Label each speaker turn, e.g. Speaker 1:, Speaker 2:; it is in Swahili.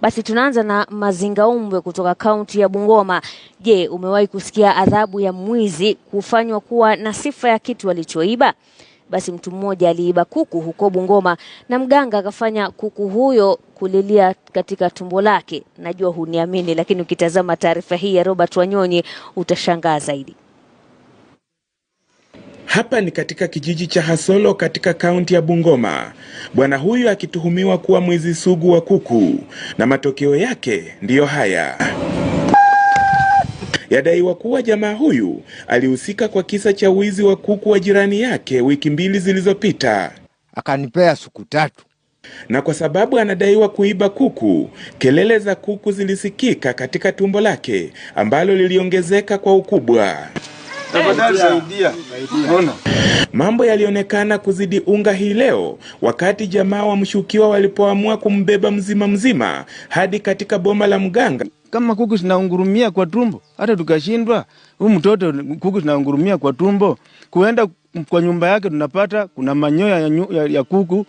Speaker 1: Basi tunaanza na Mazinga kutoka kaunti ya Bungoma. Je, umewahi kusikia adhabu ya mwizi kufanywa kuwa na sifa ya kitu alichoiba? Basi mtu mmoja aliiba kuku huko Bungoma na mganga akafanya kuku huyo kulilia katika tumbo lake. Najua huniamini, lakini ukitazama taarifa hii ya Robert Wanyonyi utashangaa zaidi.
Speaker 2: Hapa ni katika kijiji cha Hasolo katika kaunti ya Bungoma. Bwana huyu akituhumiwa kuwa mwizi sugu wa kuku na matokeo yake ndiyo haya. Yadaiwa kuwa jamaa huyu alihusika kwa kisa cha wizi wa kuku wa jirani yake wiki mbili zilizopita.
Speaker 3: Akanipea siku tatu.
Speaker 2: Na kwa sababu anadaiwa kuiba kuku, kelele za kuku zilisikika katika tumbo lake ambalo liliongezeka kwa ukubwa. Mambo yalionekana kuzidi unga hii leo wakati jamaa wa mshukiwa walipoamua kumbeba mzima mzima hadi katika boma la mganga.
Speaker 4: Kama kuku zinaungurumia kwa tumbo, hata tukashindwa huyu mtoto, kuku zinaungurumia kwa tumbo, kuenda kwa nyumba yake tunapata kuna manyoya ya, ya kuku.